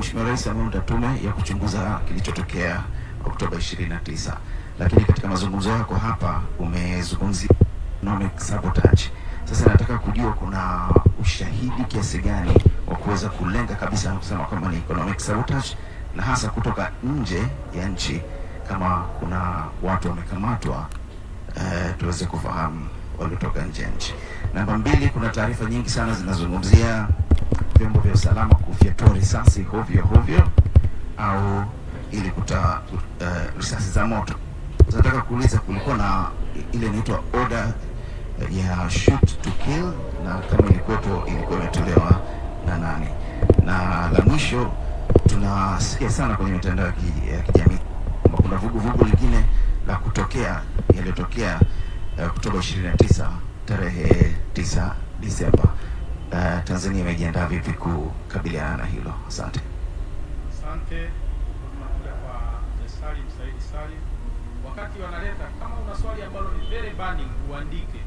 Mheshimiwa Rais ameunda tume ya kuchunguza kilichotokea Oktoba 29, lakini katika mazungumzo yako hapa umezungumzia economic sabotage. Sasa nataka kujua kuna ushahidi kiasi gani wa kuweza kulenga kabisa na kusema kwamba ni economic sabotage, na hasa kutoka nje ya nchi, kama kuna watu wamekamatwa, eh, tuweze kufahamu waliotoka nje ya nchi. Namba mbili, kuna taarifa nyingi sana zinazungumzia vyombo vya usalama kufyatua risasi hovyo hovyo au ili kuta uh, risasi za moto. Nataka kuuliza kulikuwa na ile inaitwa order eh, ya shoot to kill, na kama ilikuwepo ilikuwa imetolewa na nani? Na la mwisho, tunasikia sana kwenye mitandao ya kijamii kwamba kuna vuguvugu lingine la kutokea yaliyotokea eh, Oktoba uh, 29 tarehe 9 Disemba uh, Tanzania imejiandaa vipi kukabiliana na hilo? Asante. Asante Salim Saidi Salim, wakati wanaleta kama una swali ambalo ni very burning uandike